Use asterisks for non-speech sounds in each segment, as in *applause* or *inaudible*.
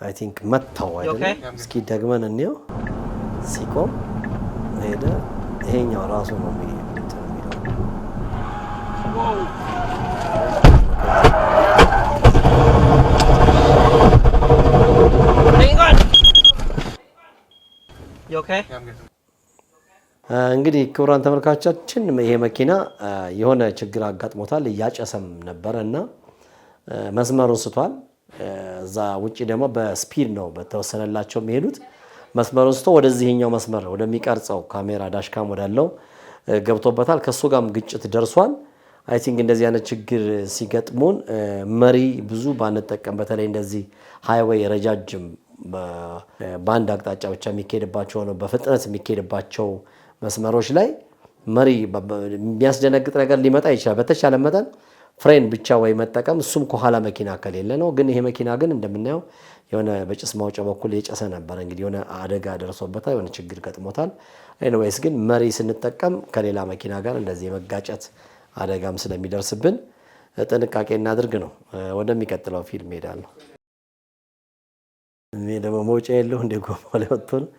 I think Matta. Okay. Ski Dagman and Neo. Siko. Leda. Hang your razzle on You okay? good. እንግዲህ ክቡራን ተመልካቾቻችን ይሄ መኪና የሆነ ችግር አጋጥሞታል። እያጨሰም ነበረ እና መስመሩን ስቷል። እዛ ውጭ ደግሞ በስፒድ ነው በተወሰነላቸው የሚሄዱት። መስመሩን ስቶ ወደዚህኛው መስመር ወደሚቀርጸው ካሜራ ዳሽካም ወዳለው ገብቶበታል። ከእሱ ጋም ግጭት ደርሷል። አይ ቲንክ እንደዚህ አይነት ችግር ሲገጥሙን መሪ ብዙ ባንጠቀም፣ በተለይ እንደዚህ ሃይዌይ ረጃጅም በአንድ አቅጣጫ ብቻ የሚካሄድባቸው ነው በፍጥነት የሚካሄድባቸው መስመሮች ላይ መሪ የሚያስደነግጥ ነገር ሊመጣ ይችላል። በተቻለ መጠን ፍሬን ብቻ ወይ መጠቀም እሱም ከኋላ መኪና ከሌለ ነው። ግን ይሄ መኪና ግን እንደምናየው የሆነ በጭስ ማውጫ በኩል የጨሰ ነበረ። እንግዲህ የሆነ አደጋ ደርሶበታል፣ የሆነ ችግር ገጥሞታል። ኤኒዌይስ ግን መሪ ስንጠቀም ከሌላ መኪና ጋር እንደዚህ የመጋጨት አደጋም ስለሚደርስብን ጥንቃቄ እናድርግ ነው። ወደሚቀጥለው ፊልም ሄዳለሁ። እኔ ደግሞ መውጫ የለሁ እንደ ጎማ ላይ ወጥቶ ነው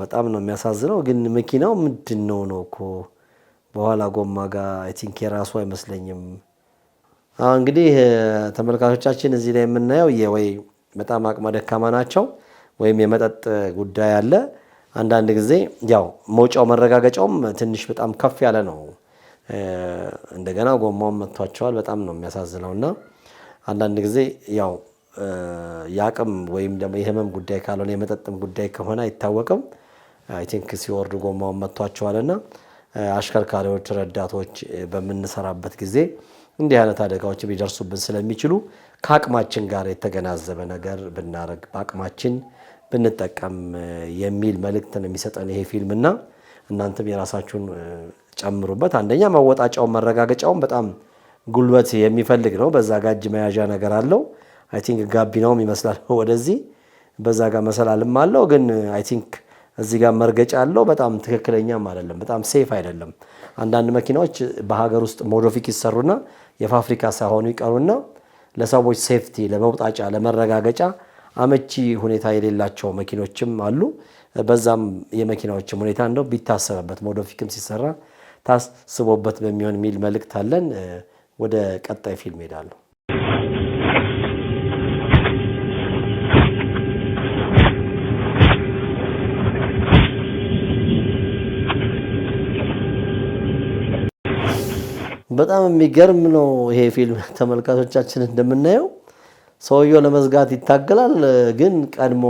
በጣም ነው የሚያሳዝነው። ግን መኪናው ምንድን ነው ነው እኮ በኋላ ጎማ ጋር አይ ቲንክ የራሱ አይመስለኝም። እንግዲህ ተመልካቾቻችን እዚህ ላይ የምናየው ወይ በጣም አቅመ ደካማ ናቸው ወይም የመጠጥ ጉዳይ አለ። አንዳንድ ጊዜ ያው መውጫው መረጋገጫውም ትንሽ በጣም ከፍ ያለ ነው። እንደገና ጎማውን መጥቷቸዋል። በጣም ነው የሚያሳዝነው እና አንዳንድ ጊዜ ያው የአቅም ወይም ደግሞ የህመም ጉዳይ ካልሆነ የመጠጥም ጉዳይ ከሆነ አይታወቅም። አይ ቲንክ ሲወርዱ ጎማውን እና አሽከርካሪዎች፣ ረዳቶች በምንሰራበት ጊዜ እንዲህ አይነት አደጋዎች ሊደርሱብን ስለሚችሉ ከአቅማችን ጋር የተገናዘበ ነገር ብናደርግ በአቅማችን ብንጠቀም የሚል መልእክትን የሚሰጠን ይሄ ፊልም እና እናንተም የራሳችሁን ጨምሩበት። አንደኛ መወጣጫውን መረጋገጫውን በጣም ጉልበት የሚፈልግ ነው። በዛ ጋጅ መያዣ ነገር አለው። አይ ቲንክ ጋቢናውም ይመስላል *laughs* ወደዚህ በዛ ጋር መሰላልም አለው። ግን አይ ቲንክ እዚህ ጋር መርገጫ አለው። በጣም ትክክለኛም አይደለም፣ በጣም ሴፍ አይደለም። አንዳንድ መኪናዎች በሀገር ውስጥ ሞዶፊክ ይሰሩና የፋብሪካ ሳይሆኑ ይቀሩና ለሰዎች ሴፍቲ ለመውጣጫ ለመረጋገጫ አመቺ ሁኔታ የሌላቸው መኪኖችም አሉ። በዛም የመኪናዎችም ሁኔታ እንደው ቢታሰበበት ሞዶፊክም ሲሰራ ታስቦበት በሚሆን የሚል መልእክት አለን። ወደ ቀጣይ ፊልም ሄዳለሁ። በጣም የሚገርም ነው ይሄ ፊልም። *laughs* ተመልካቾቻችን እንደምናየው ሰውየው ለመዝጋት ይታገላል፣ ግን ቀድሞ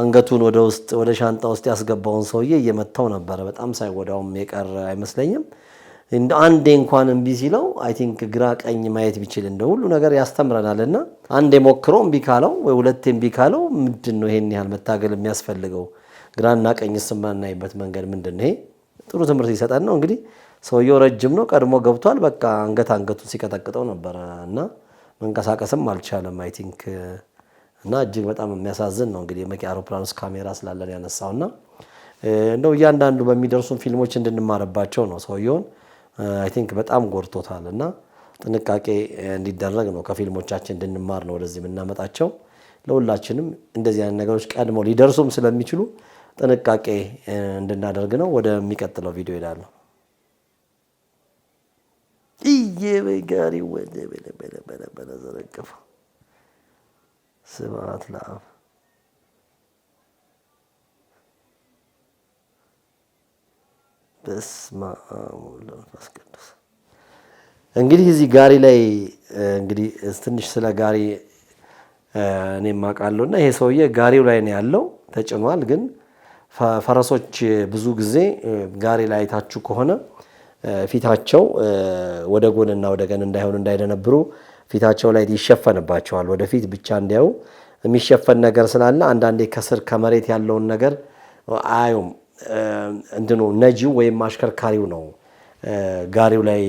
አንገቱን ወደ ውስጥ ወደ ሻንጣ ውስጥ ያስገባውን ሰውዬ እየመታው ነበረ። በጣም ሳይወዳውም የቀረ አይመስለኝም። እንደ አንዴ እንኳን እምቢ ሲለው አይ ቲንክ ግራ ቀኝ ማየት ቢችል እንደ ሁሉ ነገር ያስተምረናል። እና አንዴ ሞክሮ እምቢ ካለው ወይ ሁለቴ እምቢ ካለው ምንድን ነው ይሄን ያህል መታገል የሚያስፈልገው? ግራና ቀኝ ስማናይበት መንገድ ምንድን ነው? ይሄ ጥሩ ትምህርት ይሰጠን ነው እንግዲህ ሰውየው ረጅም ነው፣ ቀድሞ ገብቷል። በቃ አንገት አንገቱን ሲቀጠቅጠው ነበረ እና መንቀሳቀስም አልቻለም። አይ ቲንክ እና እጅግ በጣም የሚያሳዝን ነው። እንግዲህ መኪ አውሮፕላን ውስጥ ካሜራ ስላለን ያነሳው እና እንደው እያንዳንዱ በሚደርሱን ፊልሞች እንድንማርባቸው ነው። ሰውየውን አይ ቲንክ በጣም ጎድቶታል እና ጥንቃቄ እንዲደረግ ነው። ከፊልሞቻችን እንድንማር ነው ወደዚህ የምናመጣቸው። ለሁላችንም እንደዚህ አይነት ነገሮች ቀድመው ሊደርሱም ስለሚችሉ ጥንቃቄ እንድናደርግ ነው። ወደሚቀጥለው ቪዲዮ ሄዳለሁ። እየበጋሪ ወደ በለ ዘረገፈው። ስብሐት ለአብ በስመ አብ ወወልድ ወመንፈስ ቅዱስ። እንግዲህ እዚህ ጋሪ ላይ እንግዲህ ትንሽ ስለ ጋሪ እኔ ማውቃለሁ እና ይሄ ሰውዬ ጋሪው ላይ ነው ያለው ተጭኗል። ግን ፈረሶች ብዙ ጊዜ ጋሪ ላይ አይታችሁ ከሆነ ፊታቸው ወደ ጎንና ወደ ቀን እንዳይሆን እንዳይደነብሩ ፊታቸው ላይ ይሸፈንባቸዋል። ወደፊት ብቻ እንዲያዩ የሚሸፈን ነገር ስላለ አንዳንዴ ከስር ከመሬት ያለውን ነገር አዩም። እንትኑ ነጂው ወይም አሽከርካሪው ነው ጋሪው ላይ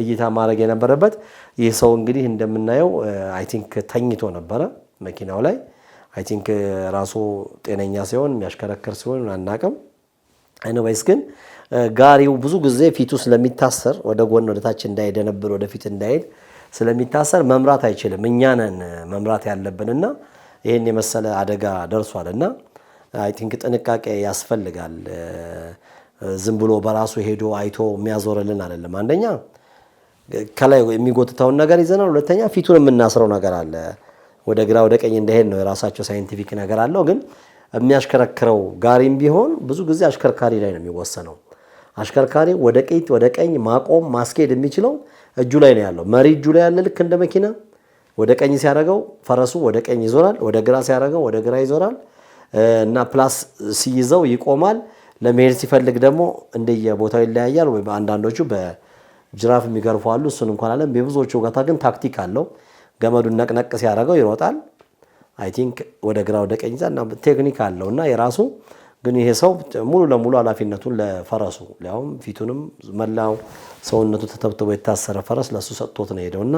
እይታ ማድረግ የነበረበት። ይህ ሰው እንግዲህ እንደምናየው አይ ቲንክ ተኝቶ ነበረ መኪናው ላይ አይ ቲንክ ራሱ ጤነኛ ሲሆን የሚያሽከረክር ሲሆን አናቅም ኤኒዌይስ ግን uh, ጋሪው ብዙ ጊዜ ፊቱ ስለሚታሰር ወደ ጎን ወደ ታች እንዳይደነብር ወደፊት እንዳይል ስለሚታሰር መምራት አይችልም። እኛ ነን መምራት ያለብንና ይህን የመሰለ አደጋ ደርሷል እና አይ ቲንክ ጥንቃቄ ያስፈልጋል። uh, ዝም ብሎ በራሱ ሄዶ አይቶ የሚያዞርልን አይደለም። አንደኛ ከላይ የሚጎትተውን ነገር ይዘናል። ሁለተኛ ፊቱን የምናስረው ነገር አለ። ወደ ግራ ወደ ቀኝ እንደሄድ ነው። የራሳቸው ሳይንቲፊክ ነገር አለው ግን የሚያሽከረክረው ጋሪም ቢሆን ብዙ ጊዜ አሽከርካሪ ላይ ነው የሚወሰነው። አሽከርካሪ ወደ ቀኝ ወደ ቀኝ ማቆም ማስኬድ የሚችለው እጁ ላይ ነው ያለው። መሪ እጁ ላይ ያለ ልክ እንደ መኪና ወደ ቀኝ ሲያደርገው ፈረሱ ወደ ቀኝ ይዞራል፣ ወደ ግራ ሲያደርገው ወደ ግራ ይዞራል እና ፕላስ ሲይዘው ይቆማል። ለመሄድ ሲፈልግ ደግሞ እንደየቦታው ይለያያል። ወይ አንዳንዶቹ በጅራፍ የሚገርፉ አሉ። እሱን እንኳን አለም። በብዙዎቹ ጋታ ግን ታክቲክ አለው። ገመዱን ነቅነቅ ሲያደርገው ይሮጣል። አይ ቲንክ ወደ ግራ ወደ ቀኝ ቴክኒክ አለው እና የራሱ ግን ይሄ ሰው ሙሉ ለሙሉ ኃላፊነቱን ለፈረሱ ሊያውም ፊቱንም መላው ሰውነቱ ተተብትቦ የታሰረ ፈረስ ለእሱ ሰጥቶት ነው ሄደው እና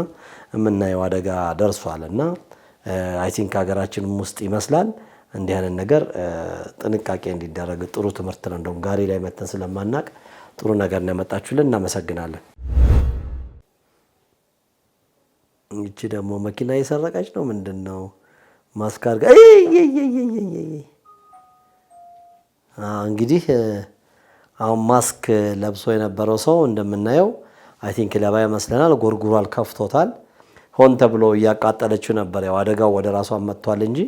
የምናየው አደጋ ደርሷል። እና አይ ቲንክ ሀገራችንም ውስጥ ይመስላል እንዲህ አይነት ነገር ጥንቃቄ እንዲደረግ ጥሩ ትምህርት ነው። እንደውም ጋሪ ላይ መተን ስለማናቅ ጥሩ ነገር ነው ያመጣችሁልን፣ እናመሰግናለን። እቺ ደግሞ መኪና የሰረቀች ነው ምንድን ነው? ማስካር ጋር እንግዲህ አሁን ማስክ ለብሶ የነበረው ሰው እንደምናየው አይ ቲንክ ለባ ይመስለናል። ጎርጉሯል፣ ከፍቶታል። ሆን ተብሎ እያቃጠለችው ነበር። ያው አደጋው ወደ ራሷ መጥቷል እንጂ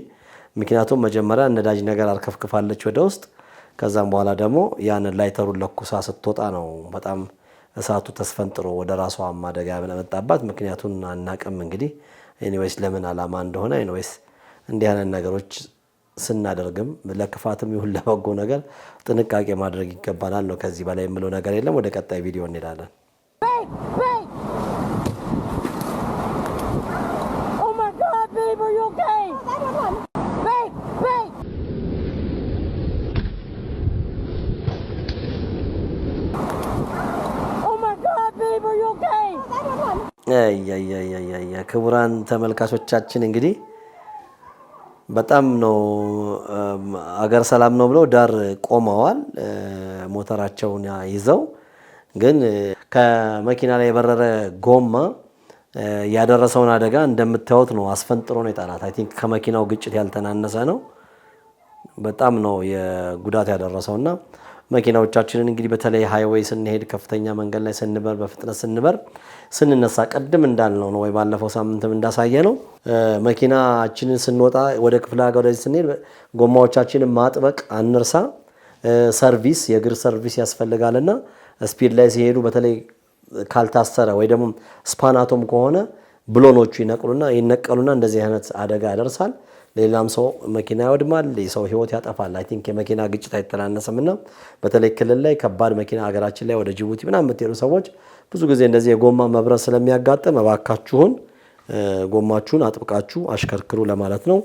ምክንያቱም መጀመሪያ ነዳጅ ነገር አልከፍክፋለች ወደ ውስጥ። ከዛም በኋላ ደግሞ ያን ላይተሩን ለኩሳ ስትወጣ ነው በጣም እሳቱ ተስፈንጥሮ ወደ ራሷ አደጋ ያመጣባት። ምክንያቱን አናቅም እንግዲህ ኤኒዌይስ ለምን አላማ እንደሆነ ኤኒዌይስ እንዲህ አይነት ነገሮች ስናደርግም ለክፋትም ይሁን ለበጎ ነገር ጥንቃቄ ማድረግ ይገባናል ነው። ከዚህ በላይ የምለው ነገር የለም። ወደ ቀጣይ ቪዲዮ እንሄዳለን። ክቡራን ተመልካቾቻችን እንግዲህ በጣም ነው አገር ሰላም ነው ብለው ዳር ቆመዋል፣ ሞተራቸውን ይዘው ግን ከመኪና ላይ የበረረ ጎማ ያደረሰውን አደጋ እንደምታዩት ነው። አስፈንጥሮ ነው የጣላት። አይ ቲንክ ከመኪናው ግጭት ያልተናነሰ ነው። በጣም ነው የጉዳት ያደረሰውና መኪናዎቻችንን እንግዲህ በተለይ ሃይዌይ ስንሄድ ከፍተኛ መንገድ ላይ ስንበር በፍጥነት ስንበር ስንነሳ ቅድም እንዳልነው ነው ወይ ባለፈው ሳምንትም እንዳሳየ ነው መኪናችንን ስንወጣ ወደ ክፍለ ሀገር ወደዚህ ስንሄድ ጎማዎቻችንን ማጥበቅ አንርሳ። ሰርቪስ የእግር ሰርቪስ ያስፈልጋልና ስፒድ ላይ ሲሄዱ በተለይ ካልታሰረ ወይ ደግሞ ስፓናቶም ከሆነ ብሎኖቹ ይነቅሉና ይነቀሉና እንደዚህ አይነት አደጋ ያደርሳል። ሌላም ሰው መኪና ይወድማል፣ የሰው ህይወት ያጠፋል። አይ ቲንክ የመኪና ግጭት አይተናነስም እና በተለይ ክልል ላይ ከባድ መኪና ሀገራችን ላይ ወደ ጅቡቲ ምናምን የምትሄዱ ሰዎች ብዙ ጊዜ እንደዚህ የጎማ መብረት ስለሚያጋጥም እባካችሁን ጎማችሁን አጥብቃችሁ አሽከርክሩ ለማለት ነው።